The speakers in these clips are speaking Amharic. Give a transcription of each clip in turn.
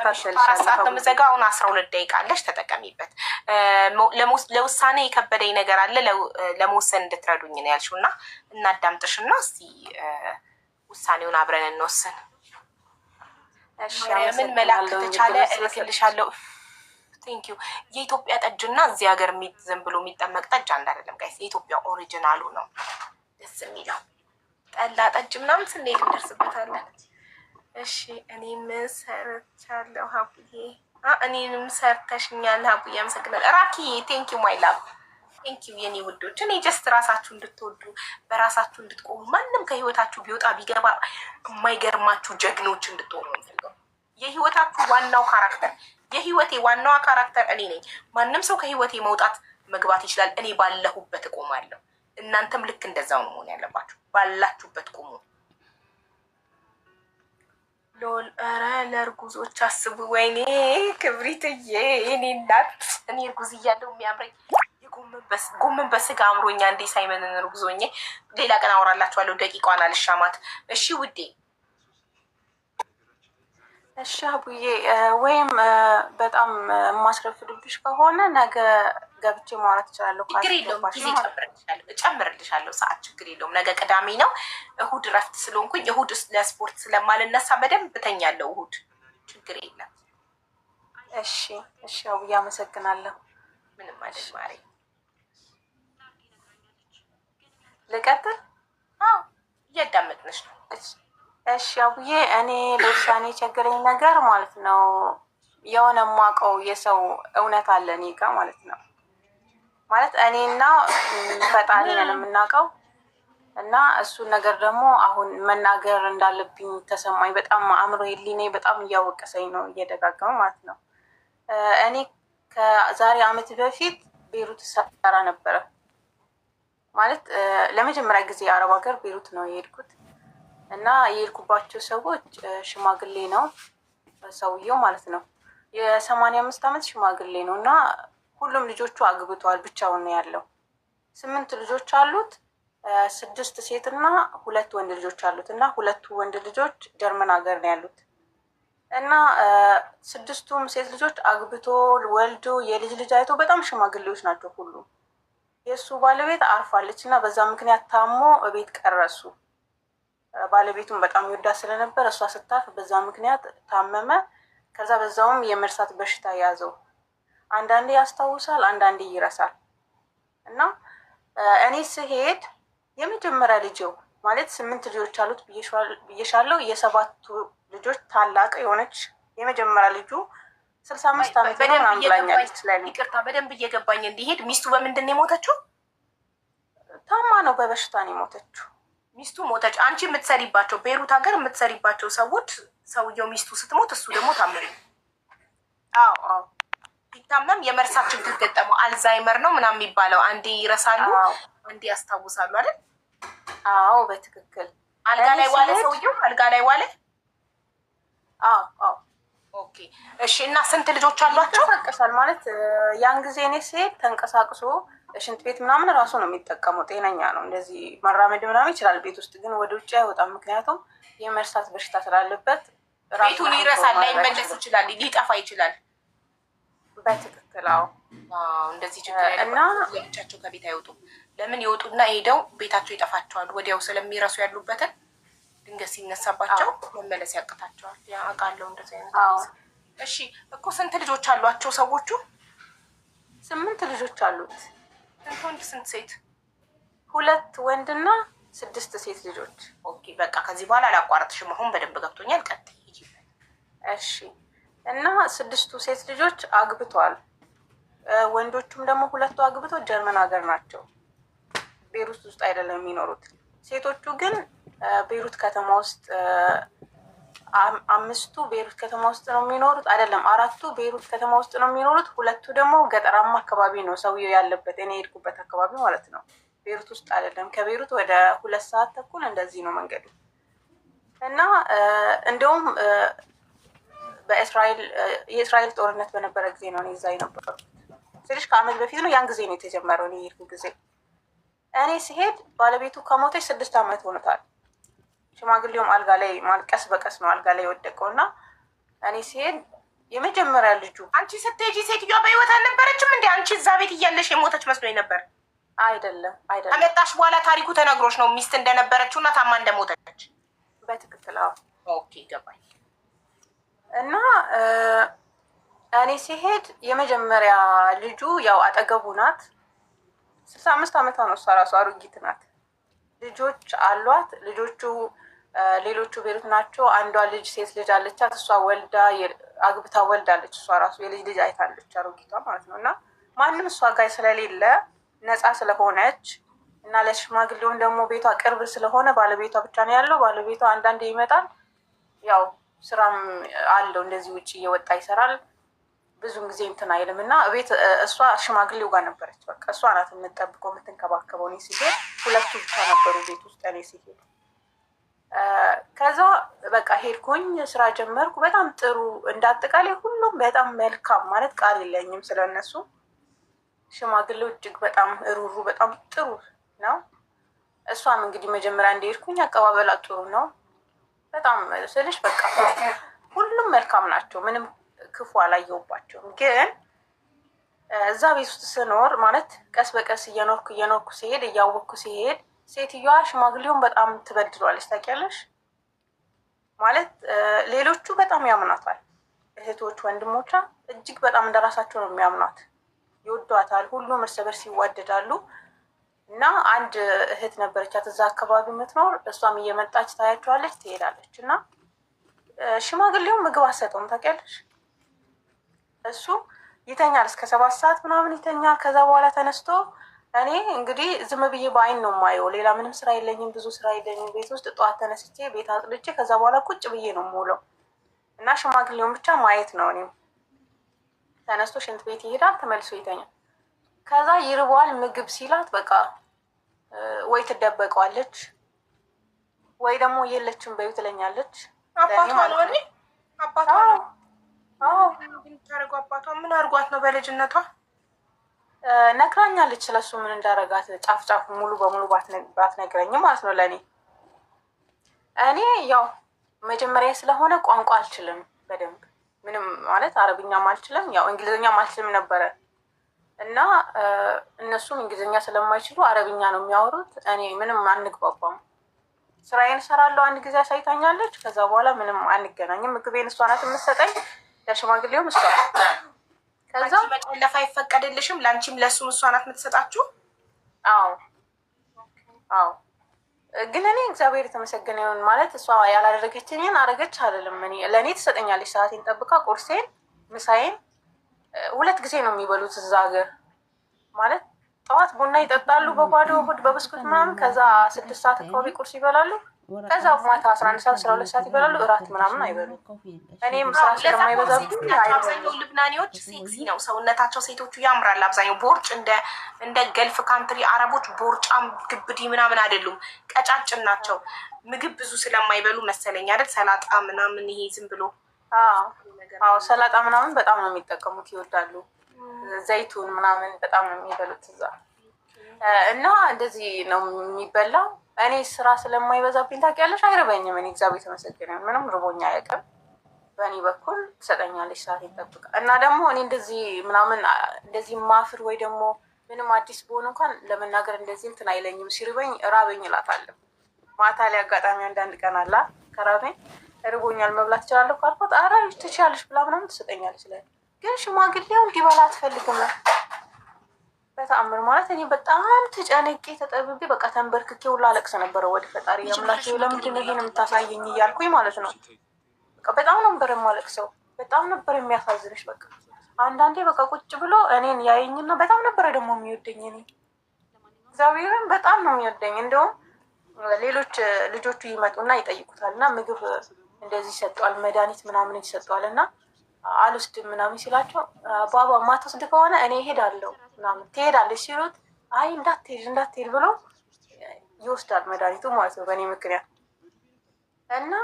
አራት ሰዓት ነው የምዘጋው። አሁን አስራ ሁለት ደቂቃ አለሽ፣ ተጠቀሚበት። ለውሳኔ የከበደኝ ነገር አለ ለመወሰን እንድትረዱኝ ነው ያልሽው እና እናዳምጥሽ እና እስቲ ውሳኔውን አብረን እንወስን። ምን መላክ ተቻለ እልክልሻለሁ። ቴንክ ዩ። የኢትዮጵያ ጠጅ እና እዚህ ሀገር ዝም ብሎ የሚጠመቅ ጠጅ አንድ አይደለም ጋይስ። የኢትዮጵያ ኦሪጂናሉ ነው ደስ የሚለው። ጠላ ጠጅ ምናምን ስንሄድ እንደርስበታለን። እሺ እኔም ሰርቻለሁ ሀቡዬ። እኔንም ሰርተሽኛል ሀቡዬ። አመሰግናለሁ ራኪዬ። ቴንኪው ማይ ላቭ ቴንኪው የኔ ውዶች። እኔ ጀስት ራሳችሁ እንድትወዱ በራሳችሁ እንድትቆሙ ማንም ከህይወታችሁ ቢወጣ ቢገባ የማይገርማችሁ ጀግኖች እንድትሆኑ የህይወታችሁ ዋናው ካራክተር የህይወቴ ዋናዋ ካራክተር እኔ ነኝ። ማንም ሰው ከህይወቴ መውጣት መግባት ይችላል። እኔ ባለሁበት እቆማለሁ። እናንተም ልክ እንደዛው ነው መሆን ያለባችሁ። ባላችሁበት ቁሙ። ሎል ኧረ ለእርጉዞች አስቡ። ወይኔ ክብሪትዬ እኔ እናት፣ እኔ እርጉዝ እያለሁ የሚያምረኝ ጎመን በስጋ አምሮኛ እንዴ! ሳይመንን እርጉዞኜ ሌላ ቀን አወራላችኋለሁ። ደቂቋን አልሻማት። እሺ ውዴ። እሺ አቡዬ፣ ወይም በጣም የማስረፍድብሽ ከሆነ ነገ ገብቼ ማውራት እችላለሁ። ችግር የለውም፣ ጊዜ እጨምርልሻለሁ። ሰዓት ችግር የለውም። ነገ ቅዳሜ ነው። እሁድ እረፍት ስለሆንኩኝ እሁድ ለስፖርት ስለማልነሳ በደንብ ብተኛለሁ። እሁድ ችግር የለም። እሺ፣ እሺ አቡዬ፣ አመሰግናለሁ። ምንም አይደል። ማሪ ልቀጥል? አዎ፣ እያዳመጥንሽ ነው። እሺ አቡዬ፣ እኔ ለውሳኔ የቸገረኝ ነገር ማለት ነው የሆነ የማውቀው የሰው እውነት አለ እኔ ጋ ማለት ነው። ማለት እኔና ፈጣሪ ነን የምናውቀው እና እሱን ነገር ደግሞ አሁን መናገር እንዳለብኝ ተሰማኝ። በጣም አእምሮ ህሊኔ በጣም እያወቀሰኝ ነው እየደጋገመ ማለት ነው። እኔ ከዛሬ ዓመት በፊት ቤሩት ሰራ ነበረ ማለት ለመጀመሪያ ጊዜ አረብ ሀገር ቤሩት ነው የሄድኩት እና የልኩባቸው ሰዎች ሽማግሌ ነው ሰውየው ማለት ነው። የሰማንያ አምስት አመት ሽማግሌ ነው እና ሁሉም ልጆቹ አግብተዋል። ብቻውን ነው ያለው። ስምንት ልጆች አሉት። ስድስት ሴት እና ሁለት ወንድ ልጆች አሉት እና ሁለቱ ወንድ ልጆች ጀርመን ሀገር ነው ያሉት እና ስድስቱም ሴት ልጆች አግብቶ ወልዶ የልጅ ልጅ አይቶ በጣም ሽማግሌዎች ናቸው ሁሉ። የእሱ ባለቤት አርፋለች እና በዛ ምክንያት ታሞ ቤት ቀረሱ። ባለቤቱን በጣም ይወዳ ስለነበር እሷ ስታርፍ በዛ ምክንያት ታመመ። ከዛ በዛውም የመርሳት በሽታ ያዘው። አንዳንዴ ያስታውሳል፣ አንዳንዴ ይረሳል። እና እኔ ስሄድ የመጀመሪያ ልጅው ማለት ስምንት ልጆች አሉት ብዬሻለው። የሰባቱ ልጆች ታላቅ የሆነች የመጀመሪያ ልጁ ስልሳ አምስት ዓመት ነው ይቅርታ በደንብ እየገባኝ እንዲሄድ ሚስቱ በምንድን ነው የሞተችው? ታማ ነው በበሽታ ነው የሞተችው። ሚስቱ ሞተች። አንቺ የምትሰሪባቸው ቤሩት ሀገር የምትሰሪባቸው ሰዎች ሰውየው ሚስቱ ስትሞት እሱ ደግሞ ታመመ። ሲታመም የመርሳት ችግር ገጠመው። አልዛይመር ነው ምናምን የሚባለው አንዴ ይረሳሉ፣ አንዴ ያስታውሳሉ አይደል? አዎ በትክክል አልጋ ላይ ዋለ ሰውየው፣ አልጋ ላይ ዋለ። ኦኬ እሺ። እና ስንት ልጆች አሏቸው? ተንቀሳቅሷል ማለት ያን ጊዜ እኔ ስሄድ ተንቀሳቅሶ ሽንት ቤት ምናምን ራሱ ነው የሚጠቀመው። ጤነኛ ነው፣ እንደዚህ መራመድ ምናምን ይችላል። ቤት ውስጥ ግን ወደ ውጭ አይወጣም፣ ምክንያቱም የመርሳት በሽታ ስላለበት ቤቱን ይረሳል፣ ላይመለስ ይችላል፣ ሊጠፋ ይችላል። በትክክል አዎ። እንደዚህ ችግር እና ከቤት አይወጡም። ለምን ይወጡና ሄደው ቤታቸው ይጠፋቸዋል። ወዲያው ስለሚረሱ ያሉበትን ድንገት ሲነሳባቸው መመለስ ያቅታቸዋል። አውቃለሁ እንደዚህ አይነት እሺ። እኮ ስንት ልጆች አሏቸው ሰዎቹ? ስምንት ልጆች አሉት። ስንት ወንድ ስንት ሴት? ሁለት ወንድና ስድስት ሴት ልጆች። ኦኬ በቃ ከዚህ በኋላ አላቋረጥሽም። አሁን በደንብ ገብቶኛል። ቀጥይ። እሺ እና ስድስቱ ሴት ልጆች አግብተዋል። ወንዶቹም ደግሞ ሁለቱ አግብተው ጀርመን ሀገር ናቸው። ቤሩት ውስጥ አይደለም የሚኖሩት። ሴቶቹ ግን ቤሩት ከተማ ውስጥ አምስቱ ቤይሩት ከተማ ውስጥ ነው የሚኖሩት፣ አይደለም አራቱ ቤይሩት ከተማ ውስጥ ነው የሚኖሩት። ሁለቱ ደግሞ ገጠራማ አካባቢ ነው ሰውየው ያለበት፣ እኔ የሄድኩበት አካባቢ ማለት ነው። ቤይሩት ውስጥ አይደለም። ከቤይሩት ወደ ሁለት ሰዓት ተኩል እንደዚህ ነው መንገዱ እና እንደውም በእስራኤል የእስራኤል ጦርነት በነበረ ጊዜ ነው እዛ የነበረው ስልሽ ከአመት በፊት ነው። ያን ጊዜ ነው የተጀመረው እኔ የሄድኩ ጊዜ። እኔ ሲሄድ ባለቤቱ ከሞተች ስድስት አመት ሆኖታል። ሽማግሌውም አልጋ ላይ ማልቀስ በቀስ ነው አልጋ ላይ የወደቀው እና እኔ ሲሄድ የመጀመሪያ ልጁ አንቺ ስትሄጂ ሴትዮዋ በህይወት አልነበረችም እንዴ? አንቺ እዛ ቤት እያለሽ የሞተች መስሎኝ ነበር። አይደለም አይደለም፣ ከመጣሽ በኋላ ታሪኩ ተነግሮች ነው ሚስት እንደነበረችው እና ታማ እንደሞተች። በትክክል ኦኬ ገባኝ። እና እኔ ሲሄድ የመጀመሪያ ልጁ ያው አጠገቡ ናት። ስልሳ አምስት ዓመቷ ነው እሷ ራሱ አሮጊት ናት። ልጆች አሏት። ልጆቹ ሌሎቹ ቤሩት ናቸው። አንዷ ልጅ ሴት ልጅ አለቻት። እሷ ወልዳ አግብታ ወልዳለች። እሷ ራሱ የልጅ ልጅ አይታለች፣ አሮጊቷ ማለት ነው። እና ማንም እሷ ጋር ስለሌለ ነፃ ስለሆነች እና ለሽማግሌውን ደግሞ ቤቷ ቅርብ ስለሆነ ባለቤቷ ብቻ ነው ያለው። ባለቤቷ አንዳንዴ ይመጣል፣ ያው ስራም አለው እንደዚህ ውጭ እየወጣ ይሰራል። ብዙን ጊዜ እንትን አይልም እና ቤት እሷ ሽማግሌው ጋር ነበረች። በቃ እሷ ናት የምጠብቀው የምትንከባከበው። እኔ ሲሄድ ሁለቱ ብቻ ነበሩ ቤት ውስጥ እኔ ሲሄድ ከዛ በቃ ሄድኩኝ፣ ስራ ጀመርኩ። በጣም ጥሩ እንዳጠቃላይ ሁሉም በጣም መልካም ማለት ቃል የለኝም ስለነሱ። ሽማግሌው እጅግ በጣም ሩሩ፣ በጣም ጥሩ ነው። እሷም እንግዲህ መጀመሪያ እንደሄድኩኝ አቀባበላ ጥሩ ነው በጣም ስልሽ፣ በቃ ሁሉም መልካም ናቸው። ምንም ክፉ አላየውባቸውም ግን እዛ ቤት ውስጥ ስኖር ማለት ቀስ በቀስ እየኖርኩ እየኖርኩ ሲሄድ እያወቅኩ ሲሄድ ሴትዮዋ ሽማግሌውን በጣም ትበድሏለች። ታውቂያለሽ ማለት ሌሎቹ በጣም ያምናታል። እህቶች ወንድሞቿ እጅግ በጣም እንደራሳቸው ነው የሚያምኗት፣ ይወዷታል። ሁሉም እርስ በርስ ይዋደዳሉ። እና አንድ እህት ነበረቻት እዛ አካባቢ የምትኖር እሷም እየመጣች ታያቸዋለች፣ ትሄዳለች። እና ሽማግሌውን ምግብ አሰጠውም ታውቂያለሽ። እሱ ይተኛል እስከ ሰባት ሰዓት ምናምን ይተኛል። ከዛ በኋላ ተነስቶ እኔ እንግዲህ ዝም ብዬ በአይን ነው የማየው። ሌላ ምንም ስራ የለኝም፣ ብዙ ስራ የለኝም። ቤት ውስጥ ጠዋት ተነስቼ ቤት አጥልቼ ከዛ በኋላ ቁጭ ብዬ ነው የምውለው እና ሽማግሌውን ብቻ ማየት ነው። እኔም ተነስቶ ሽንት ቤት ይሄዳል፣ ተመልሶ ይተኛል። ከዛ ይርበዋል ምግብ ሲላት በቃ ወይ ትደበቀዋለች ወይ ደግሞ የለችም በዩ ትለኛለች። አባቷ ነው አባቷ ነው። አባቷ ምን አርጓት ነው በልጅነቷ ነግራኛለች። ስለሱ ምን እንዳረጋት ጫፍ ጫፍ ሙሉ በሙሉ ባትነግረኝም ማለት ነው። ለእኔ እኔ ያው መጀመሪያ ስለሆነ ቋንቋ አልችልም በደንብ ምንም ማለት አረብኛም አልችልም፣ ያው እንግሊዝኛም አልችልም ነበረ እና እነሱም እንግሊዝኛ ስለማይችሉ አረብኛ ነው የሚያወሩት። እኔ ምንም አንግባባም። ስራዬን እሰራለሁ። አንድ ጊዜ አሳይታኛለች። ከዛ በኋላ ምንም አንገናኝም። ምግቤን እሷ ናት የምትሰጠኝ፣ ለሽማግሌውም እሷ ከዛ መጨለፍ አይፈቀድልሽም። ለአንቺም ለእሱም እሷ ናት የምትሰጣችሁ። አዎ አዎ። ግን እኔ እግዚአብሔር የተመሰገነ ይሁን ማለት እሷ ያላደረገችኝን አደረገች አይደለም። ለእኔ ትሰጠኛለች። ሰዓቴን ጠብቃ ቁርሴን፣ ምሳዬን ሁለት ጊዜ ነው የሚበሉት እዛ ሀገር ማለት ጠዋት ቡና ይጠጣሉ በባዶ ሆድ በብስኩት ምናምን። ከዛ ስድስት ሰዓት አካባቢ ቁርስ ይበላሉ። ከዛ ማታ አስራ አንድ ሰዓት አስራ ሁለት ሰዓት ይበላሉ። እራት ምናምን አይበሉ። እኔም ስራ ስለማይበዛብኝ አብዛኛው ልብናኔዎች ሴክሲ ነው ሰውነታቸው፣ ሴቶቹ ያምራል። አብዛኛው ቦርጭ እንደ ገልፍ ካንትሪ አረቦች ቦርጫም ግብዲ ምናምን አይደሉም፣ ቀጫጭን ናቸው። ምግብ ብዙ ስለማይበሉ መሰለኝ አይደል ሰላጣ ምናምን ይሄ ዝም ብሎ አዎ፣ ሰላጣ ምናምን በጣም ነው የሚጠቀሙት፣ ይወዳሉ። ዘይቱን ምናምን በጣም ነው የሚበሉት እዛ እና እንደዚህ ነው የሚበላው እኔ ስራ ስለማይበዛብኝ ታውቂያለሽ፣ አይርበኝም። እኔ እግዚአብሔር የተመሰገነ ምንም ርቦኛ አያውቅም። በእኔ በኩል ትሰጠኛለች ሰዓት ይጠብቃል። እና ደግሞ እኔ እንደዚህ ምናምን እንደዚህ ማፍር ወይ ደግሞ ምንም አዲስ በሆኑ እንኳን ለመናገር እንደዚህ እንትን አይለኝም። ሲርበኝ ራበኝ እላታለሁ። ማታ ላይ አጋጣሚ አንዳንድ ቀን አላ ከራበኝ እርቦኛል መብላት እችላለሁ ካልኳት አራ ትችያለሽ ብላ ምናምን ትሰጠኛለች። ግን ሽማግሌው እንዲበላ አትፈልግም። በተአምር ማለት እኔ በጣም ተጨነቄ ተጠብቤ በቃ ተንበርክኬ ሁላ አለቅስ ነበረ። ወደ ፈጣሪ አምላኬ ለምንድን ይሄን የምታሳየኝ እያልኩኝ ማለት ነው። በቃ በጣም ነበር የማለቅሰው። በጣም ነበር የሚያሳዝንሽ። በቃ አንዳንዴ በቃ ቁጭ ብሎ እኔን ያየኝና በጣም ነበረ ደግሞ የሚወደኝ። እኔ እግዚአብሔርን በጣም ነው የሚወደኝ። እንደውም ሌሎች ልጆቹ ይመጡና ይጠይቁታል እና ምግብ እንደዚህ ይሰጠዋል፣ መድኃኒት ምናምን ይሰጠዋል እና አልወስድም ምናምን ሲላቸው ባባ ማትወስድ ከሆነ እኔ እሄዳለሁ ምናምን ትሄዳለች ሲሉት አይ እንዳትሄድ እንዳትሄድ ብሎ ይወስዳል መድኃኒቱ ማለት ነው በእኔ ምክንያት እና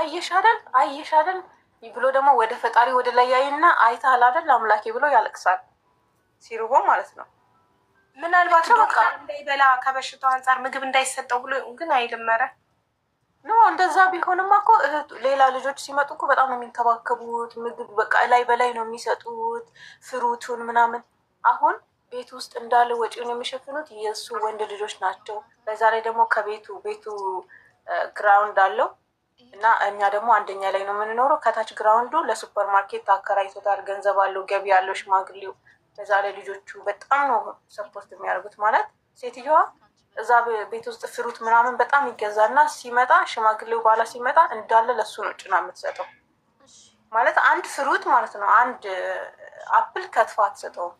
አየሻደል አየሻደል ብሎ ደግሞ ወደ ፈጣሪ ወደ ላይ ያይና አይተሃል አይደል አምላኬ ብሎ ያለቅሳል ሲርቦ ማለት ነው። ምናልባት በቃ እንዳይበላ ከበሽታው አንጻር ምግብ እንዳይሰጠው ብሎ ግን አይልም ኧረ ኖ እንደዛ ቢሆንማ እኮ ሌላ ልጆች ሲመጡ እኮ በጣም ነው የሚንከባከቡት። ምግብ በቃ ላይ በላይ ነው የሚሰጡት፣ ፍሩቱን ምናምን። አሁን ቤት ውስጥ እንዳለ ወጪውን የሚሸፍኑት የእሱ ወንድ ልጆች ናቸው። በዛ ላይ ደግሞ ከቤቱ ቤቱ ግራውንድ አለው እና እኛ ደግሞ አንደኛ ላይ ነው የምንኖረው። ከታች ግራውንዱ ለሱፐር ማርኬት አከራይቶታል። ገንዘብ አለው፣ ገቢ አለው ሽማግሌው። በዛ ላይ ልጆቹ በጣም ነው ሰፖርት የሚያደርጉት ማለት ሴትዮዋ እዛ ቤት ውስጥ ፍሩት ምናምን በጣም ይገዛና ሲመጣ ሽማግሌው ባላ ሲመጣ እንዳለ ለሱ ነው ጭና የምትሰጠው። ማለት አንድ ፍሩት ማለት ነው አንድ አፕል ከትፋ አትሰጠውም።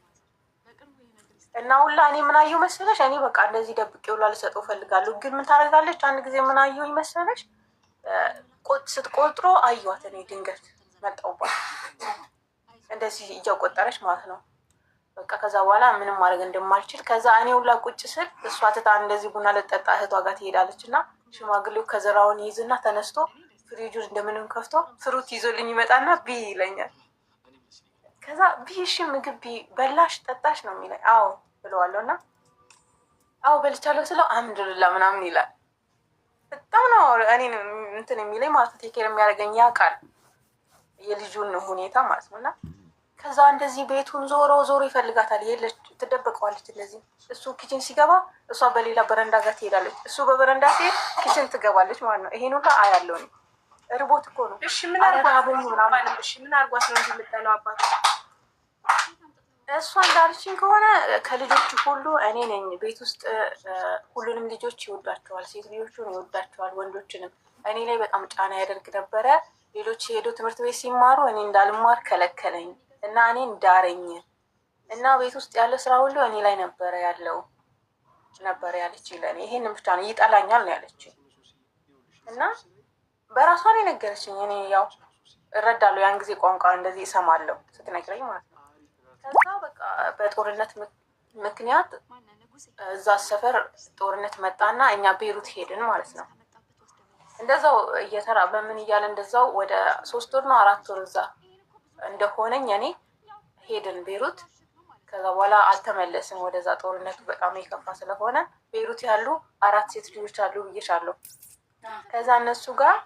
እና ሁላ እኔ ምናየው መሰለሽ እኔ በቃ እንደዚህ ደብቄ ሁላ ልሰጠው እፈልጋለሁ። ግን ምን ታደርጋለች? አንድ ጊዜ ምናየው ይመሰለሽ ስትቆጥሮ አየኋት እኔ ድንገት መጣውባት እንደዚህ እያቆጠረች ማለት ነው በቃ ከዛ በኋላ ምንም ማድረግ እንደማልችል ከዛ እኔ ሁላ ቁጭ ስል እሷ ትታ እንደዚህ ቡና ልጠጣ እህቷ ጋር ትሄዳለች እና ሽማግሌው ከዘራውን ይይዝና ተነስቶ ፍሪጁን እንደምንም ከፍቶ ፍሩት ይዞልኝ ይመጣና ቢ ይለኛል። ከዛ ቢ እሺ ምግብ ቢ በላሽ ጠጣሽ ነው የሚለኝ። አዎ ብለዋለሁ እና አዎ በልቻለሁ ስለው አልሐምዱሊላህ ምናምን ይላል። በጣም ነው እኔ እንትን የሚለኝ ማለት ቴኬር የሚያደርገኝ ያውቃል የልጁን ሁኔታ ማለት ነው እና ከዛ እንደዚህ ቤቱን ዞሮ ዞሮ ይፈልጋታል። የለች ትደብቀዋለች። እንደዚህ እሱ ኪችን ሲገባ እሷ በሌላ በረንዳ ጋር ትሄዳለች። እሱ በበረንዳ ሲሄድ ኪችን ትገባለች ማለት ነው። ይሄን ሁላ አያለው ነው። እርቦት እኮ ነው። እሺ ምን አርጓት ነው የምጠለው? አባት እሷ እንዳለችኝ ከሆነ ከልጆች ሁሉ እኔ ነኝ ቤት ውስጥ ሁሉንም ልጆች ይወዳቸዋል፣ ሴት ልጆቹን ይወዳቸዋል፣ ወንዶችንም እኔ ላይ በጣም ጫና ያደርግ ነበረ። ሌሎች የሄዱ ትምህርት ቤት ሲማሩ እኔ እንዳልማር ከለከለኝ። እና እኔን ዳረኝ እና ቤት ውስጥ ያለ ስራ ሁሉ እኔ ላይ ነበረ ያለው ነበር ያለች ይለን ይሄን ብቻ ነው ይጠላኛል ነው ያለች። እና በራሷ ነው የነገረችኝ። እኔ ያው እረዳለሁ፣ ያን ጊዜ ቋንቋ እንደዚህ እሰማለሁ ስትነግረኝ ማለት ነው። ከዛ በቃ በጦርነት ምክንያት እዛ ሰፈር ጦርነት መጣና እኛ ቤሩት ሄድን ማለት ነው። እንደዛው እየተራ በምን እያለ እንደዛው ወደ ሶስት ወር ነው አራት ወር እዛ እንደሆነኝ እኔ ሄድን ቤሩት። ከዛ በኋላ አልተመለስም ወደዛ። ጦርነቱ በጣም የከፋ ስለሆነ ቤሩት ያሉ አራት ሴት ልጆች አሉ ብዬሻለሁ። ከዛ እነሱ ጋር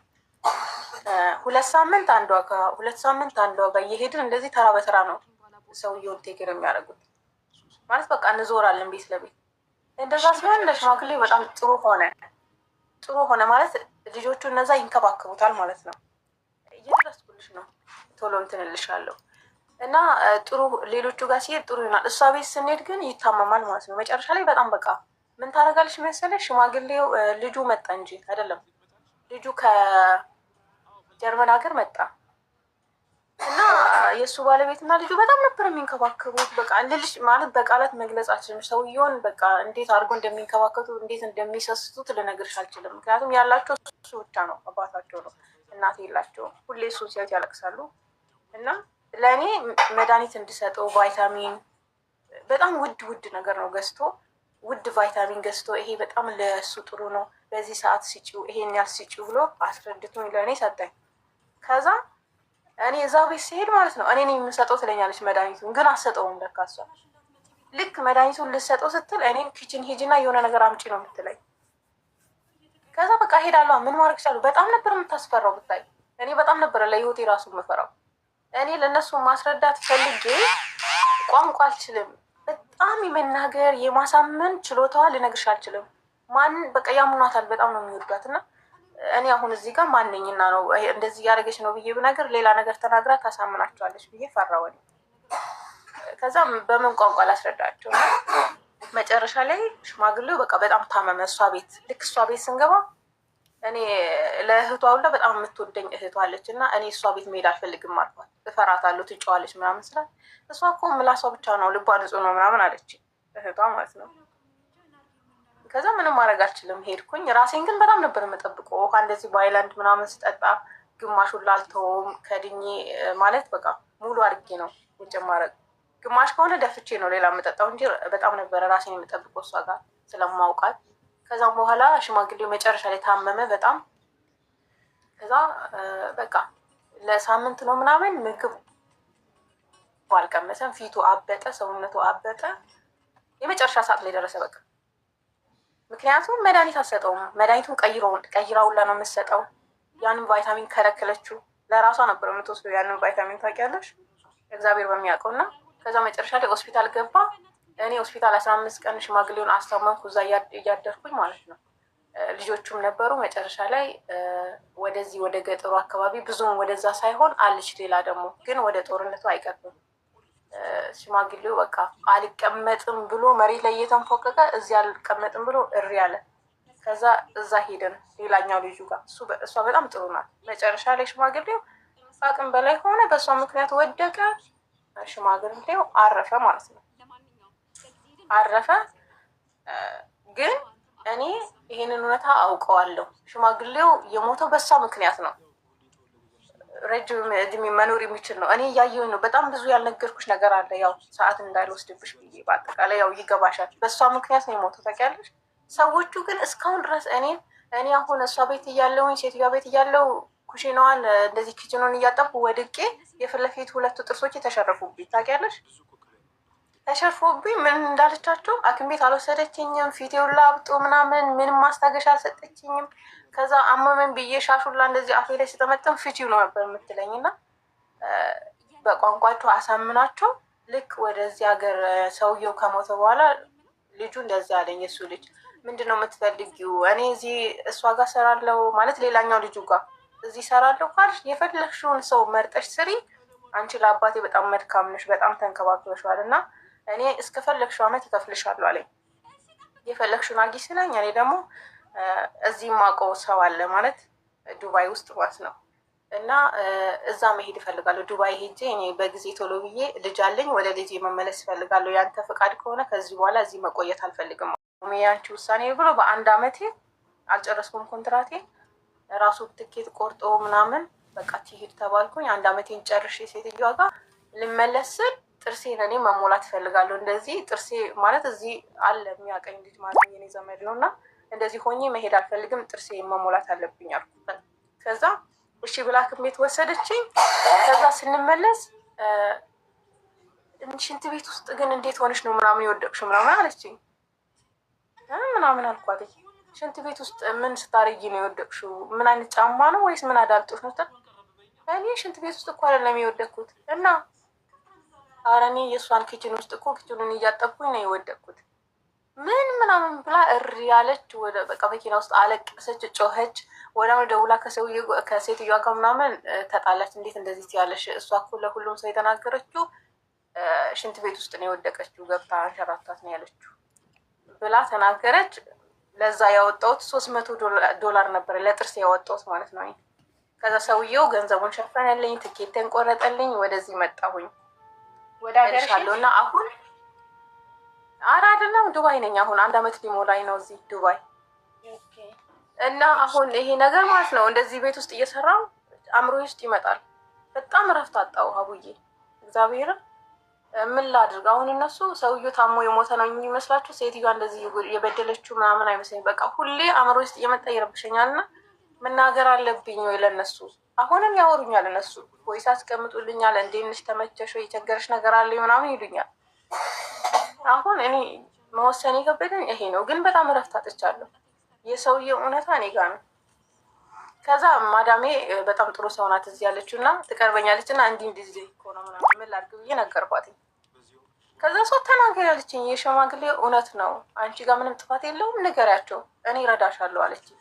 ሁለት ሳምንት አንዷ ከሁለት ሳምንት አንዷ ጋር እየሄድን እንደዚህ ተራ በተራ ነው ሰውየውን ቴክር የሚያደርጉት ማለት በቃ እንዞራለን ቤት ለቤት። እንደዛ ሲሆን ለሽማግሌ በጣም ጥሩ ሆነ። ጥሩ ሆነ ማለት ልጆቹ እነዛ ይንከባከቡታል ማለት ነው። እየደረስኩልሽ ነው ቶሎ እንትን እልሻለሁ እና ጥሩ ሌሎቹ ጋር ሲሄድ ጥሩ ይሆናል። እሷ ቤት ስንሄድ ግን ይታመማል ማለት ነው። መጨረሻ ላይ በጣም በቃ ምን ታደርጋለች መሰለሽ? ሽማግሌው ልጁ መጣ እንጂ አይደለም ልጁ ከጀርመን ሀገር መጣ እና የእሱ ባለቤት እና ልጁ በጣም ነበር የሚንከባከቡት። በቃ ልልሽ ማለት በቃላት መግለጽ አልችልም። ሰውየውን በቃ እንዴት አድርጎ እንደሚንከባከቱ እንዴት እንደሚሰስቱት ልነግርሽ አልችልም። ምክንያቱም ያላቸው እሱ ብቻ ነው፣ አባታቸው ነው። እናት የላቸውም። ሁሌ እሱን ሲያዩት ያለቅሳሉ። እና ለእኔ መድኃኒት እንድሰጠው ቫይታሚን በጣም ውድ ውድ ነገር ነው ገዝቶ ውድ ቫይታሚን ገዝቶ ይሄ በጣም ለእሱ ጥሩ ነው፣ በዚህ ሰዓት ስጪው፣ ይሄን ያህል ስጪው ብሎ አስረድቶኝ ለእኔ ሰጠኝ። ከዛ እኔ እዛ ቤት ሲሄድ ማለት ነው እኔ የምሰጠው ትለኛለች መድኃኒቱን ግን አሰጠውም። ለካ እሷ ልክ መድኃኒቱን ልሰጠው ስትል እኔን ኪችን ሂጂና የሆነ ነገር አምጪ ነው የምትለኝ። ከዛ በቃ ሄዳለዋ ምን ማድረግ ይቻሉ። በጣም ነበር የምታስፈራው ብታይ። እኔ በጣም ነበር ለህይወቴ ራሱ የምፈራው። እኔ ለእነሱ ማስረዳት ፈልጌ ቋንቋ አልችልም። በጣም የመናገር የማሳመን ችሎታዋ ልነግርሽ አልችልም። ማን በቃ ያምኗታል፣ በጣም ነው የሚወዷት እና እኔ አሁን እዚህ ጋር ማንኝና ነው እንደዚህ ያደረገች ነው ብዬ ብነገር ሌላ ነገር ተናግራ ታሳምናቸዋለች ብዬ ፈራወኝ። ከዛ በምን ቋንቋ ላስረዳቸው? መጨረሻ ላይ ሽማግሌው በቃ በጣም ታመመ። እሷ ቤት ልክ እሷ ቤት ስንገባ እኔ ለእህቷ ሁላ በጣም የምትወደኝ እህቷ አለች እና እኔ እሷ ቤት መሄድ አልፈልግም አልኳት። እፈራታለሁ፣ ትጫዋለች ምናምን ስላት እሷ እኮ ምላሷ ብቻ ነው ልቧ ንጹሕ ነው ምናምን አለች እህቷ ማለት ነው። ከዛ ምንም ማድረግ አልችልም ሄድኩኝ። ራሴን ግን በጣም ነበር የምጠብቆ ውሃ እንደዚህ በአይላንድ ምናምን ስጠጣ ግማሽ ሁላ አልተውም ከድኜ ማለት በቃ ሙሉ አድርጌ ነው ውጭ ማድረግ። ግማሽ ከሆነ ደፍቼ ነው ሌላ የምጠጣው እንጂ በጣም ነበረ ራሴን የምጠብቆ እሷ ጋር ስለማውቃት ከዛም በኋላ ሽማግሌው መጨረሻ ላይ ታመመ በጣም ከዛ በቃ ለሳምንት ነው ምናምን ምግብ አልቀመሰም። ፊቱ አበጠ፣ ሰውነቱ አበጠ። የመጨረሻ ሰዓት ላይ ደረሰ በቃ ምክንያቱም መድኃኒት አሰጠውም። መድኃኒቱን ቀይራውላ ነው የምትሰጠው። ያንን ቫይታሚን ከለከለችው። ለራሷ ነበር የምትወስደው ያንን ቫይታሚን ታውቂያለሽ፣ እግዚአብሔር በሚያውቀው እና ከዛ መጨረሻ ላይ ሆስፒታል ገባ። እኔ ሆስፒታል አስራ አምስት ቀን ሽማግሌውን አስታመምኩ እዛ እያደርኩኝ ማለት ነው። ልጆቹም ነበሩ። መጨረሻ ላይ ወደዚህ ወደ ገጠሩ አካባቢ ብዙም ወደዛ ሳይሆን አለች ሌላ ደግሞ ግን ወደ ጦርነቱ አይቀርብም። ሽማግሌው በቃ አልቀመጥም ብሎ መሬት ላይ እየተንፎቀቀ እዚህ አልቀመጥም ብሎ እሪ አለ። ከዛ እዛ ሄደን ሌላኛው ልጁ ጋር እሷ በጣም ጥሩ ናት። መጨረሻ ላይ ሽማግሌው አቅም በላይ ሆነ፣ በእሷ ምክንያት ወደቀ። ሽማግሌው አረፈ ማለት ነው። አረፈ። ግን እኔ ይህንን እውነታ አውቀዋለሁ። ሽማግሌው የሞተው በሷ ምክንያት ነው። ረጅም እድሜ መኖር የሚችል ነው። እኔ እያየሁኝ ነው። በጣም ብዙ ያልነገርኩሽ ነገር አለ። ያው ሰዓት እንዳልወስድብሽ ብዬ በአጠቃላይ ያው ይገባሻል። በእሷ ምክንያት ነው የሞተው ታውቂያለሽ። ሰዎቹ ግን እስካሁን ድረስ እኔ እኔ አሁን እሷ ቤት እያለውኝ ሴትዮዋ ቤት እያለው ኩሽናዋን እንደዚህ ኪችኑን እያጠብኩ ወድቄ የፊት ለፊት ሁለቱ ጥርሶች የተሸረፉብኝ ታውቂያለሽ። ተሸርፎብኝ ምን እንዳለቻቸው ሐኪም ቤት አልወሰደችኝም። ፊቴ ሁላ አብጦ ምናምን ምንም ማስታገሻ አልሰጠችኝም። ከዛ አመመን ብዬ ሻሹላ እንደዚህ አፌ ላይ ስጠመጥም ፊት ነው ነበር የምትለኝ እና በቋንቋቸው አሳምናቸው ልክ ወደዚህ ሀገር ሰውየው ከሞተ በኋላ ልጁ እንደዚህ አለኝ። የእሱ ልጅ ምንድን ነው የምትፈልጊው? እኔ እዚህ እሷ ጋር ሰራለው ማለት ሌላኛው ልጁ ጋር እዚህ ሰራለው ካልሽ የፈለግሽውን ሰው መርጠሽ ስሪ። አንቺ ለአባቴ በጣም መልካም ነሽ፣ በጣም ተንከባክበሸዋል እና እኔ እስከፈለግሽው አመት እከፍልሻለሁ አለኝ። የፈለግሽውን አርጊ ሲለኝ እኔ ደግሞ እዚህ ማውቀው ሰው አለ ማለት ዱባይ ውስጥ ማለት ነው እና እዛ መሄድ እፈልጋለሁ። ዱባይ ሄጄ እኔ በጊዜ ቶሎ ብዬ ልጅ አለኝ፣ ወደ ልጅ መመለስ እፈልጋለሁ። ያንተ ፈቃድ ከሆነ ከዚህ በኋላ እዚህ መቆየት አልፈልግም፣ ያንቺ ውሳኔ ብሎ በአንድ አመቴ አልጨረስኩም ኮንትራቴ ራሱ ትኬት ቆርጦ ምናምን በቃ ትሄድ ተባልኩኝ። አንድ አመቴን ጨርሼ ሴትዮዋ ጋር ልመለስ ስል ጥርሴን እኔ መሞላት እፈልጋለሁ። እንደዚህ ጥርሴ ማለት እዚህ አለ የሚያቀኝ ልጅ ማለት የኔ ዘመድ ነው እና እንደዚህ ሆኜ መሄድ አልፈልግም፣ ጥርሴ መሞላት አለብኝ አልኩበት። ከዛ እሺ ብላ ሐኪም ቤት ወሰደችኝ። ከዛ ስንመለስ ሽንት ቤት ውስጥ ግን እንዴት ሆነች ነው ምናምን የወደቅሽ ምናምን አለችኝ። ምናምን አልኳት። ሽንት ቤት ውስጥ ምን ስታረጊ ነው የወደቅሽው? ምን አይነት ጫማ ነው ወይስ ምን አዳልጦሽ ነው? እኔ ሽንት ቤት ውስጥ እኮ አይደለም የወደቅኩት እና ኧረ እኔ የእሷን ኪችን ውስጥ እኮ ኪችኑን እያጠብኩኝ ነው የወደቅኩት ምን ምናምን ብላ እሪ ያለች ወደ በቃ መኪና ውስጥ አለቀሰች፣ ጮኸች። ወዲያውኑ ደውላ ከሴትዮዋ ጋር ምናምን ተጣላች። እንዴት እንደዚህ ያለች እሷ እኮ ለሁሉም ሰው የተናገረችው ሽንት ቤት ውስጥ ነው የወደቀችው ገብታ አንሸራታት ነው ያለችው ብላ ተናገረች። ለዛ ያወጣሁት ሶስት መቶ ዶላር ነበረ ለጥርስ ያወጣሁት ማለት ነው። ከዛ ሰውየው ገንዘቡን ሸፈነልኝ፣ ትኬት ተንቆረጠልኝ፣ ወደዚህ መጣሁኝ። እልሻለሁ እና አሁን ኧረ አይደለም ዱባይ ነኝ አሁን አንድ አመት ሊሞላኝ ነው እዚህ ዱባይ እና አሁን ይሄ ነገር ማለት ነው እንደዚህ ቤት ውስጥ እየሰራው አእምሮ ውስጥ ይመጣል። በጣም እረፍት አጣው አቡዬ እግዚአብሔር ምን ላድርግ አሁን። እነሱ ሰውዬው ታሞ የሞተ ነው የሚመስላችሁ፣ ሴትዮዋ እንደዚህ የበደለችው ምናምን አይመስለኝ። በቃ ሁሌ አእምሮ ውስጥ እየመጣ ይረብሸኛል እና መናገር አለብኝ ወይ ለነሱ? አሁንም ያወሩኛል እነሱ ወይስ አስቀምጡልኛል። እንዴት ነሽ ተመቸሽ ወይ የቸገረሽ ነገር አለ ምናምን ይሉኛል። አሁን እኔ መወሰን የከበደኝ ይሄ ነው። ግን በጣም እረፍት አጥቻለሁ። የሰውዬው እውነታ እኔ ጋ ነው። ከዛ ማዳሜ በጣም ጥሩ ሰው ናት እዚህ ያለችው እና ትቀርበኛለች እና እንዲህ እንዲህ እዚህ ምናምን ምን ላድርግ ብዬ ነገርኳት። ከዛ ሰው ተናገሪ አለችኝ። የሽማግሌ እውነት ነው አንቺ ጋር ምንም ጥፋት የለውም ንገሪያቸው፣ እኔ እረዳሻለሁ አለችኝ።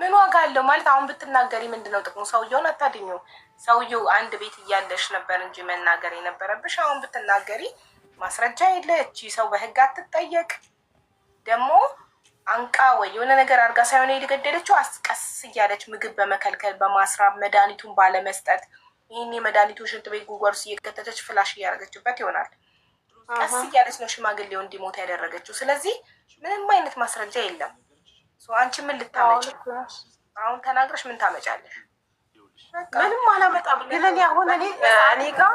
ምን ዋጋ አለው ማለት አሁን ብትናገሪ ምንድን ነው ጥቅሙ? ሰውየውን አታድኘው። ሰውየው አንድ ቤት እያለሽ ነበር እንጂ መናገር የነበረብሽ። አሁን ብትናገሪ ማስረጃ የለ። እቺ ሰው በህግ አትጠየቅ። ደግሞ አንቃ ወይ የሆነ ነገር አድርጋ ሳይሆን የገደለችው አስቀስ እያለች ምግብ በመከልከል በማስራብ መድኃኒቱን ባለመስጠት ይህኔ መድኃኒቱ ሽንት ቤት ጉጓር እየከተተች ፍላሽ እያደረገችበት ይሆናል። ቀስ እያለች ነው ሽማግሌው እንዲሞት ያደረገችው። ስለዚህ ምንም አይነት ማስረጃ የለም። አንቺ ምን ልታመጭ አሁን ተናግረሽ ምን ታመጫለሽ? ምንም አላመጣም። ግን እኔ አሁን እኔ እኔ ጋር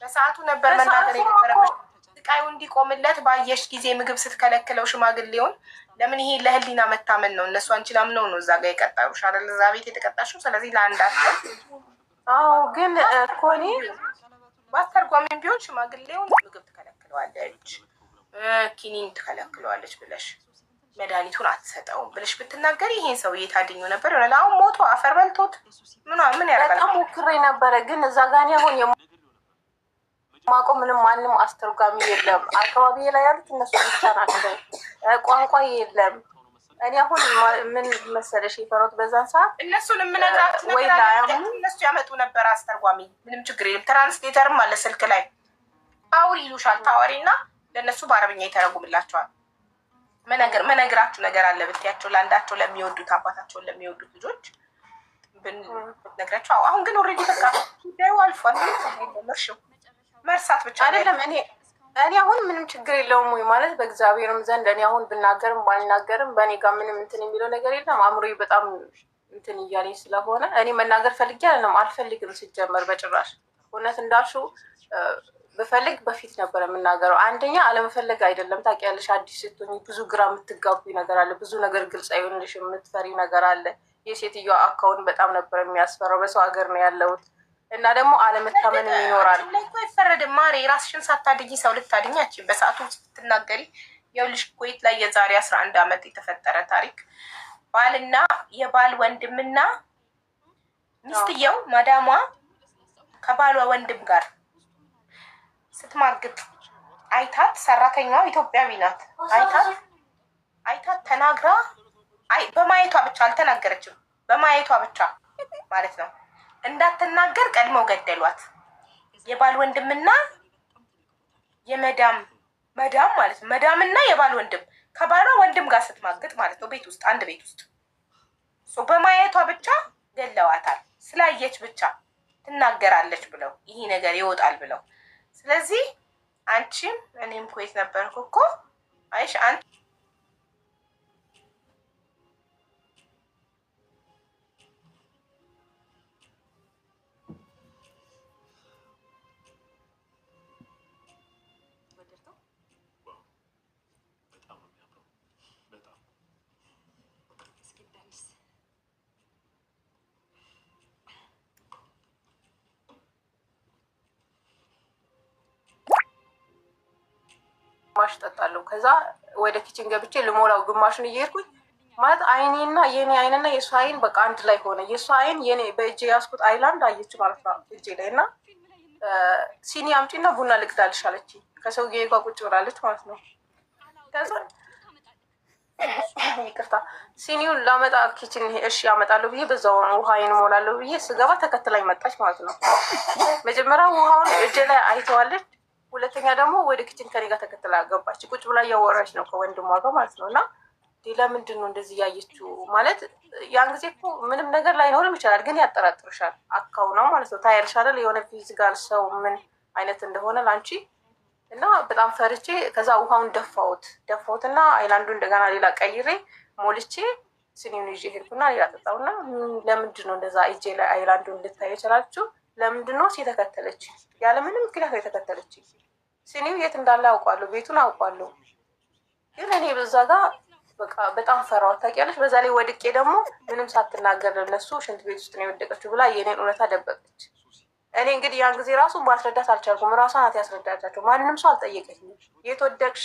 በሰዓቱ ነበር መናገር የነበረበት። ስቃዩ እንዲቆምለት ባየሽ ጊዜ ምግብ ስትከለክለው ሽማግሌውን ለምን ይሄ ለህሊና መታመን ነው። እነሱ አንቺ ላምነው ነው እዛ ጋር የቀጠሩሽ አይደል? እዛ ቤት የተቀጣሽው። ስለዚህ ለአንዳቸው አዎ። ግን እኮ እኔ ባስተርጓሚም ቢሆን ሽማግሌውን ምግብ ትከለክለዋለች፣ ኪኒን ትከለክለዋለች ብለሽ መድኃኒቱን አትሰጠውም ብለሽ ብትናገር ይሄን ሰው እየታድኙ ነበር ይሆናል። አሁን ሞቶ አፈር በልቶት ምን ያደርጋል? በጣም ሞክሬ ነበረ፣ ግን እዛ ጋር እኔ አሁን የማውቀው ምንም ማንም አስተርጓሚ የለም። አካባቢ ላይ ያሉት እነሱ ብቻ ናቸው። ቋንቋ የለም። እኔ አሁን ምን መሰለሽ የፈረት በዛን ሰዓት እነሱን የምነግራት እነሱ ያመጡ ነበር አስተርጓሚ። ምንም ችግር የለም። ትራንስሌተርም አለ ስልክ ላይ አውሪ ይሉሻል። ታዋሪ እና ለእነሱ በአረብኛ ይተረጉምላቸዋል። መነገር መነግራችሁ ነገር አለ ብትያቸው ለአንዳቸው ለሚወዱት አባታቸውን ለሚወዱት ልጆች ነግራቸው። አሁን ግን ኦልሬዲ በቃ ጉዳዩ አልፏል። መርሳት ብቻ አይደለም። እኔ እኔ አሁን ምንም ችግር የለውም ወይ ማለት በእግዚአብሔርም ዘንድ እኔ አሁን ብናገርም ባልናገርም በእኔ ጋር ምንም እንትን የሚለው ነገር የለም። አእምሮ በጣም እንትን እያለኝ ስለሆነ እኔ መናገር ፈልጌ አለም አልፈልግም ሲጀመር በጭራሽ እውነት እንዳልሽው ብፈልግ በፊት ነበር የምናገረው። አንደኛ አለመፈለግ አይደለም። ታውቂያለሽ፣ አዲስ ስትሆኝ ብዙ ግራ የምትጋቡ ነገር አለ። ብዙ ነገር ግልጽ አይሆንልሽ፣ የምትፈሪ ነገር አለ። የሴትዮዋ አካውንት በጣም ነበር የሚያስፈራው። በሰው ሀገር ነው ያለሁት እና ደግሞ አለመታመን ይኖራል። አይፈረድም ማሬ፣ ራስሽን ሳታድጊ ሰው ልታድኛች። በሰዓቱ ስትናገሪ የውልሽ ኩዌት ላይ የዛሬ አስራ አንድ ዓመት የተፈጠረ ታሪክ ባልና የባል ወንድምና ሚስትየው ማዳሟ ከባሏ ወንድም ጋር ስትማግጥ አይታት ሰራተኛዋ ኢትዮጵያዊ ናት። አይታት አይታት ተናግራ በማየቷ ብቻ አልተናገረችም። በማየቷ ብቻ ማለት ነው እንዳትናገር ቀድመው ገደሏት። የባል ወንድምና የመዳም መዳም ማለት ነው መዳምና የባል ወንድም ከባሏ ወንድም ጋር ስትማግጥ ማለት ነው ቤት ውስጥ አንድ ቤት ውስጥ በማየቷ ብቻ ገለዋታል። ስላየች ብቻ ትናገራለች ብለው ይሄ ነገር ይወጣል ብለው ስለዚህ አንቺም እኔም ኩዌት ነበርኩ እኮ አይሽ አንቺ ግማሽ እጠጣለሁ። ከዛ ወደ ኪችን ገብቼ ልሞላው ግማሹን እየሄድኩኝ ማለት አይኔና የኔ አይንና የእሱ አይን በቃ አንድ ላይ ሆነ። የእሱ አይን የኔ በእጅ ያስኩት አይላንድ አየች ማለት ነው እጄ ላይ እና ሲኒ አምጪና ቡና ልቅዳልሽ አለች። ጌ ጋር ቁጭ ብላለች ማለት ነው። ይቅርታ ሲኒውን ላመጣ ኪችን እሺ ያመጣለሁ ብዬ ውሃ አይን እሞላለሁ ብዬ ስገባ ተከትላኝ መጣች ማለት ነው። መጀመሪያ ውሃውን እጄ ላይ አይተዋለች ሁለተኛ ደግሞ ወደ ኪችን ከኔ ጋር ተከትላ ገባች። ቁጭ ብላ እያወራች ነው ከወንድሟ ጋር ማለት ነው። እና ለምንድን ነው እንደዚህ እያየችው ማለት ያን ጊዜ እኮ ምንም ነገር ላይኖርም ይችላል፣ ግን ያጠራጥርሻል። አካው ነው ማለት ነው። ታያልሻለል የሆነ ፊዚካል ሰው ምን አይነት እንደሆነ ላንቺ እና በጣም ፈርቼ ከዛ ውሃውን ደፋውት ደፋውት እና አይላንዱ እንደገና ሌላ ቀይሬ ሞልቼ ስኒውን ይዤ ሄድኩና ሌላ ጠጣውና ለምንድን ነው እንደዛ እጄ ላይ አይላንዱ ልታየ ይችላችሁ ነው የተከተለች? ያለምንም ምክንያት የተከተለች። ሲኒው የት እንዳለ አውቋለሁ፣ ቤቱን አውቋለሁ። ግን እኔ በዛ ጋር በጣም ፈራው ታውቂያለሽ። በዛ ላይ ወድቄ ደግሞ ምንም ሳትናገር ለነሱ ሽንት ቤት ውስጥ ነው የወደቀችው ብላ የኔን እውነታ ደበቀች። እኔ እንግዲህ ያን ጊዜ ራሱ ማስረዳት አልቻልኩም። ራሷ ናት ያስረዳቻቸው። ማንም ሰው አልጠየቀኝም። የት ወደቅሽ፣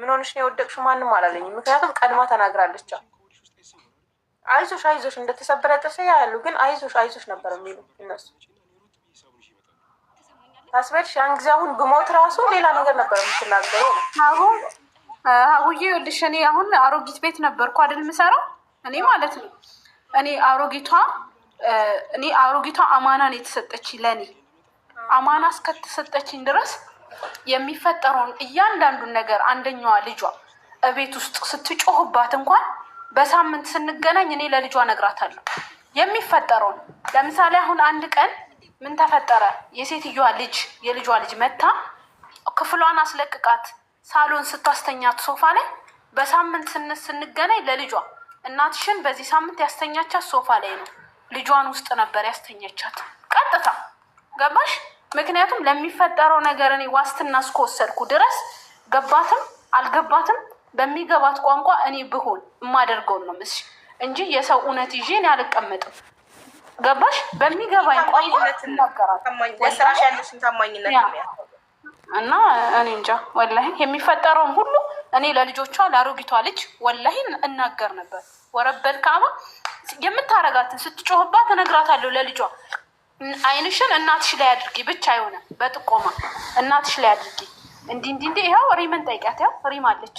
ምን ሆንሽ ነው የወደቅሽ ማንም አላለኝም። ምክንያቱም ቀድማ ተናግራለች። አይዞሽ አይዞሽ እንደተሰበረ ጥርሴ ያሉ ግን አይዞሽ አይዞሽ ነበር የሚሉ እነሱ አስበልሽ ያን ጊዜ አሁን ብሞት ራሱ ሌላ ነገር ነበር የምትናገረው። አሁን አሁዬ ይኸውልሽ እኔ አሁን አሮጊት ቤት ነበርኩ አይደል የምሰራው እኔ ማለት ነው። እኔ አሮጊቷ እኔ አሮጊቷ አማና ነው የተሰጠችኝ። ለእኔ አማና እስከተሰጠችኝ ድረስ የሚፈጠረውን እያንዳንዱን ነገር አንደኛዋ ልጇ እቤት ውስጥ ስትጮህባት እንኳን በሳምንት ስንገናኝ እኔ ለልጇ ነግራታለሁ የሚፈጠረውን። ለምሳሌ አሁን አንድ ቀን ምን ተፈጠረ? የሴትዮዋ ልጅ የልጇ ልጅ መታ ክፍሏን አስለቅቃት ሳሎን ስታስተኛት ሶፋ ላይ በሳምንት ስንገናኝ ለልጇ እናትሽን በዚህ ሳምንት ያስተኛቻት ሶፋ ላይ ነው። ልጇን ውስጥ ነበር ያስተኛቻት ቀጥታ ገባሽ? ምክንያቱም ለሚፈጠረው ነገር እኔ ዋስትና እስከወሰድኩ ድረስ ገባትም አልገባትም በሚገባት ቋንቋ እኔ ብሆን የማደርገውን ነው ምስ እንጂ የሰው እውነት ይዤን አልቀመጥም። ገባሽ? በሚገባኝ ቋንቋስራሽያለሽን ታማኝነት እና እኔ እንጃ ወላሂን የሚፈጠረውን ሁሉ እኔ ለልጆቿ ለአሮጊቷ ልጅ ወላሂን እናገር ነበር። ወረበል ካማ የምታረጋትን ስትጮህባት እነግራታለሁ ለልጇ አይንሽን እናትሽ ላይ አድርጊ ብቻ አይሆነ በጥቆማ እናትሽ ላይ አድርጊ እንዲ እንዲ እንዲ ይኸው ሪምን ጠይቂያት፣ ያው ሪም አለች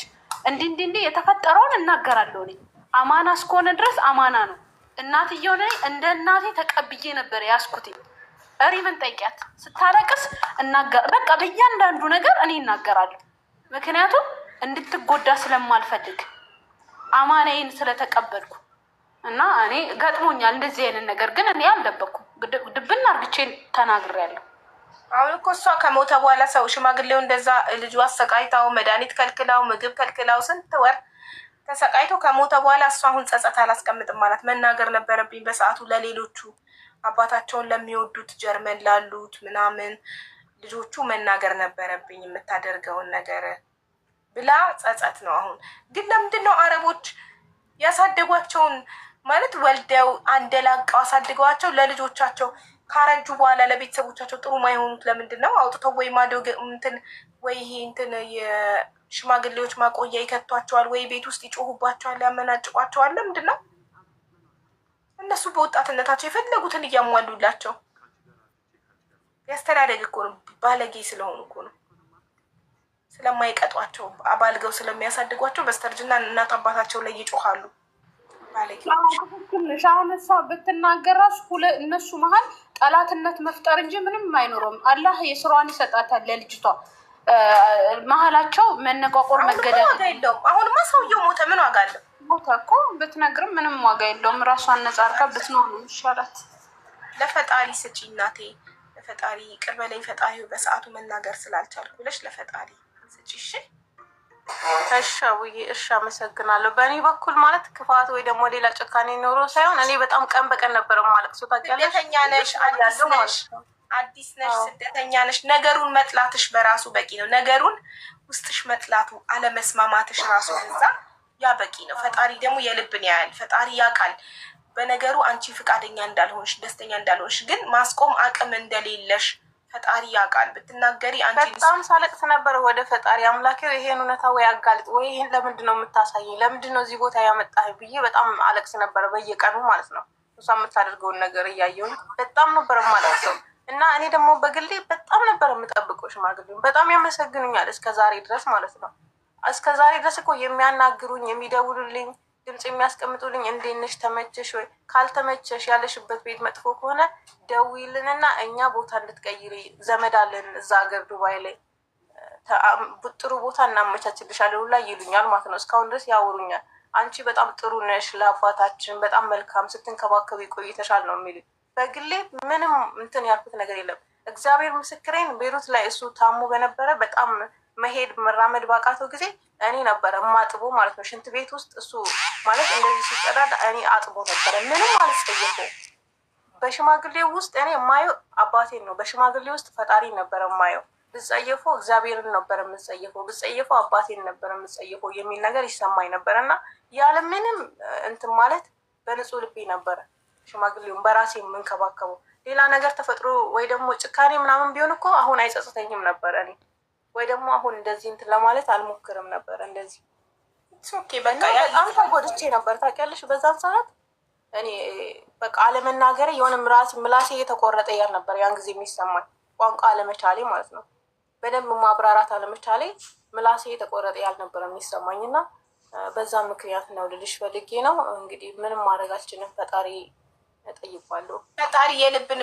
እንዲ እንዲ እንዲ የተፈጠረውን እናገራለሁ እኔ አማና እስከሆነ ድረስ አማና ነው። እናትየው ላይ እንደ እናቴ ተቀብዬ ነበር ያስኩት። ሪምን ጠይቂያት፣ ስታለቅስ በቃ በእያንዳንዱ ነገር እኔ እናገራለሁ። ምክንያቱም እንድትጎዳ ስለማልፈልግ አማናዬን ስለተቀበልኩ እና እኔ ገጥሞኛል እንደዚህ አይነት ነገር ግን እኔ አልደበኩም። ድብና አርግቼን ተናግሬያለሁ። አሁን እኮ እሷ ከሞተ በኋላ ሰው ሽማግሌው እንደዛ ልጁ አሰቃይታው መድኃኒት ከልክላው ምግብ ከልክላው ስንት ወር ተሰቃይቶ ከሞተ በኋላ እሱ አሁን ጸጸት አላስቀምጥም ማለት መናገር ነበረብኝ በሰዓቱ ለሌሎቹ አባታቸውን ለሚወዱት ጀርመን ላሉት ምናምን ልጆቹ መናገር ነበረብኝ የምታደርገውን ነገር ብላ ጸጸት ነው። አሁን ግን ለምንድን ነው አረቦች ያሳደጓቸውን ማለት ወልደው አንደላቀው አሳድገዋቸው ለልጆቻቸው ካረጁ በኋላ ለቤተሰቦቻቸው ጥሩ ማይሆኑት ለምንድን ነው? አውጥተው ወይ ማደግ እንትን ወይ ይሄ እንትን ሽማግሌዎች ማቆያ ይከቷቸዋል ወይ ቤት ውስጥ ይጮሁባቸዋል፣ ያመናጭቋቸዋል። ለምንድን ነው እነሱ በወጣትነታቸው የፈለጉትን እያሟሉላቸው? ያስተዳደግ እኮ ነው። ባለጌ ስለሆኑ እኮ ነው። ስለማይቀጧቸው አባልገው ስለሚያሳድጓቸው በስተርጅና እናት አባታቸው ላይ ይጮሃሉ። ትንሽ አሁን እሷ እነሱ መሀል ጠላትነት መፍጠር እንጂ ምንም አይኖረውም። አላህ የስሯን ይሰጣታል ለልጅቷ መሀላቸው መነቋቆር መገደል የለውም። አሁንማ ሰውየው ሞተ፣ ምን ዋጋ አለው? ሞተ እኮ ብትነግርም ምንም ዋጋ የለውም። ራሷን ነጻ ብትኖር ነው ይሻላት። ለፈጣሪ ስጪ እናቴ፣ ለፈጣሪ ይቅር በለኝ ፈጣሪ፣ በሰዓቱ መናገር ስላልቻልኩ ብለሽ ለፈጣሪ ስጪ። እሺ እሺ አቡዬ፣ እሺ አመሰግናለሁ። በእኔ በኩል ማለት ክፋት ወይ ደግሞ ሌላ ጭካኔ ኖሮ ሳይሆን እኔ በጣም ቀን በቀን ነበረ ማለት ሰው ታውቂያለሽ፣ ማለት ነው አዲስ ነሽ፣ ስደተኛ ነሽ። ነገሩን መጥላትሽ በራሱ በቂ ነው። ነገሩን ውስጥሽ መጥላቱ አለመስማማትሽ ራሱ እዛ ያ በቂ ነው። ፈጣሪ ደግሞ የልብን ያያል። ፈጣሪ ያውቃል በነገሩ አንቺ ፍቃደኛ እንዳልሆንሽ፣ ደስተኛ እንዳልሆንሽ ግን ማስቆም አቅም እንደሌለሽ ፈጣሪ ያውቃል። ብትናገሪ በጣም ሳለቅስ ነበረ ወደ ፈጣሪ አምላኬ፣ ይሄን እውነታ ወይ አጋልጥ፣ ወይ ይሄን ለምንድን ነው የምታሳየኝ? ለምንድን ነው እዚህ ቦታ ያመጣህ ብዬ በጣም አለቅስ ነበረ በየቀኑ ማለት ነው። እሷ የምታደርገውን ነገር እያየሁኝ በጣም ነበረ ማለት ነው። እና እኔ ደግሞ በግሌ በጣም ነበር የምጠብቀው ሽማግሌውን። በጣም ያመሰግኑኛል እስከ ዛሬ ድረስ ማለት ነው። እስከ ዛሬ ድረስ እኮ የሚያናግሩኝ የሚደውሉልኝ፣ ድምፅ የሚያስቀምጡልኝ እንዴት ነሽ፣ ተመቸሽ ወይ፣ ካልተመቸሽ ያለሽበት ቤት መጥፎ ከሆነ እና እኛ ቦታ እንድትቀይሪ ዘመድ አለን እዛ ሀገር ዱባይ ላይ ጥሩ ቦታ እናመቻችልሻለን ሁላ ይሉኛል ማለት ነው። እስካሁን ድረስ ያወሩኛል። አንቺ በጣም ጥሩ ነሽ፣ ለአባታችን በጣም መልካም ስትንከባከብ ቆይተሻል ነው የሚሉኝ በግሌ ምንም እንትን ያልኩት ነገር የለም። እግዚአብሔር ምስክሬን ቤሩት ላይ እሱ ታሞ በነበረ በጣም መሄድ መራመድ ባቃተው ጊዜ እኔ ነበረ ማጥቦ ማለት ነው። ሽንት ቤት ውስጥ እሱ ማለት እንደዚህ ሲጠዳዳ እኔ አጥቦ ነበረ። ምንም አልጸየፈ። በሽማግሌ ውስጥ እኔ የማየው አባቴን ነው። በሽማግሌ ውስጥ ፈጣሪ ነበረ የማየው። ብጸየፎ እግዚአብሔርን ነበር የምጸየፎ፣ ብጸየፎ አባቴን ነበር የምጸየፎ የሚል ነገር ይሰማኝ ነበረ እና ያለምንም እንትን ማለት በንጹህ ልቤ ነበረ ሽማግሌውን በራሴ የምንከባከበው። ሌላ ነገር ተፈጥሮ ወይ ደግሞ ጭካኔ ምናምን ቢሆን እኮ አሁን አይጸጽተኝም ነበረ እኔ ወይ ደግሞ አሁን እንደዚህ እንትን ለማለት አልሞክርም ነበረ። እንደዚህ በጣም ተጎድቼ ነበር ታውቂያለሽ። በዛን ሰዓት እኔ በቃ አለመናገር የሆነ ምራሴ ምላሴ የተቆረጠ እያል ነበር ያን ጊዜ የሚሰማኝ ቋንቋ አለመቻሌ ማለት ነው። በደንብ ማብራራት አለመቻሌ ምላሴ የተቆረጠ ያል ነበር የሚሰማኝ እና በዛ ምክንያት ነው ልልሽ ፈልጌ ነው። እንግዲህ ምንም ማድረግ አልችልም ፈጣሪ ጠይቋለሁ። ፈጣሪ የልብን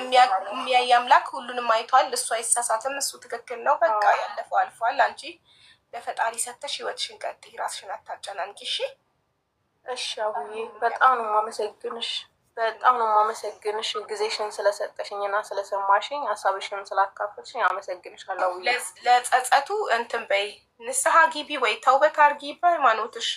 የሚያይ አምላክ ሁሉንም አይቷል። እሱ አይሳሳትም። እሱ ትክክል ነው። በቃ ያለፈው አልፏል። አንቺ ለፈጣሪ ሰተሽ ህይወትሽን ቀጥይ። ራስሽን አታጨናንቂ። እሺ፣ እሺ። አቡዬ በጣም ነው የማመሰግንሽ፣ በጣም ነው የማመሰግንሽ ጊዜሽን ስለሰጠሽኝና ስለሰማሽኝ ሀሳብሽን ስላካፈልሽኝ አመሰግንሻለሁ። ለጸጸቱ እንትን በይ፣ ንስሐ ግቢ ወይ ተውበት አድርጊ በሃይማኖትሽ።